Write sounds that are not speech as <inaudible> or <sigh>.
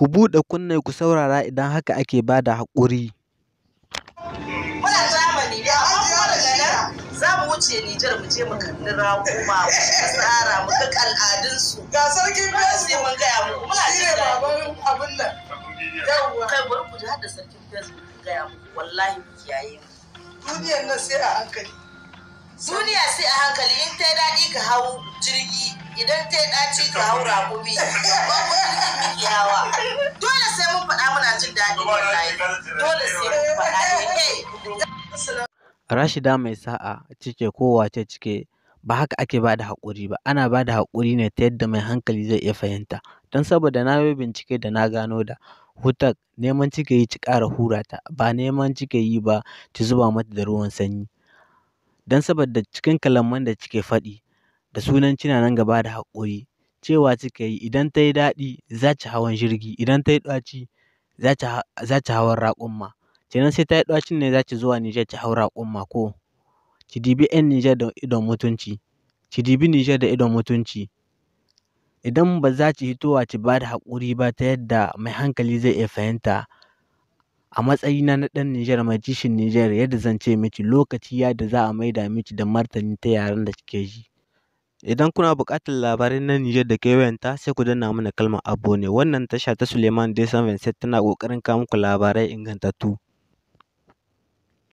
Ku buɗe kunne ku saurara idan haka ake ba da haƙuri. Muna Germany ne, amma kuma daga nan za mu wuce Nijar mu je mu kalli raƙuma, mu tsara, mu ga al'adunsu. Ga sarkin Fes ne mun gaya mu. Muna shi ne baban abin nan. Yawwa. Kai bari ku da sarkin Fes mun gaya muku, Wallahi mu kiyaye mu. Duniyar nan sai a hankali. Duniya sai a hankali in ta daɗi ka hau jirgi idan ta yi ɗaci ka hau raƙumi. <laughs> Babu jirgi Eh, eh, eh. Rashida mai sa'a cike ko wace cike ba haka ake ba da haƙuri ba ana ba da haƙuri ne ta yadda mai hankali zai iya fahimta don saboda na yi bincike da na gano da hutar neman cike yi ci ƙara hura ta ba neman cike yi ba ci zuba mata da ruwan sanyi don saboda cikin kalaman da cike faɗi da sunan cina nan gaba da haƙuri cewa cike yi idan ta yi daɗi za ci hawan jirgi idan ta yi ɗaci za ta hau raƙuma. Kenan sai ta yi ɗacin ne za zuwa Nijar ki hau raƙuma ko? Ki dibi 'yan Nijar da idon mutunci, ki dibi Nijar da idon mutunci. Idan ba za ki hitowa ki bada da haƙuri ba ta yadda mai hankali zai iya fahimta, a matsayina na ɗan Nijar mai kishin Nijar yadda zan ce miki lokaci ya da za a maida miki da martani ta yaren da kike ji. Idan kuna buƙatar labarai na Nijar da kewayenta, sai ku danna mana kalmar Abonne. Wannan tasha ta suleiman dc tana ƙoƙarin kawo muku labarai ingantattu.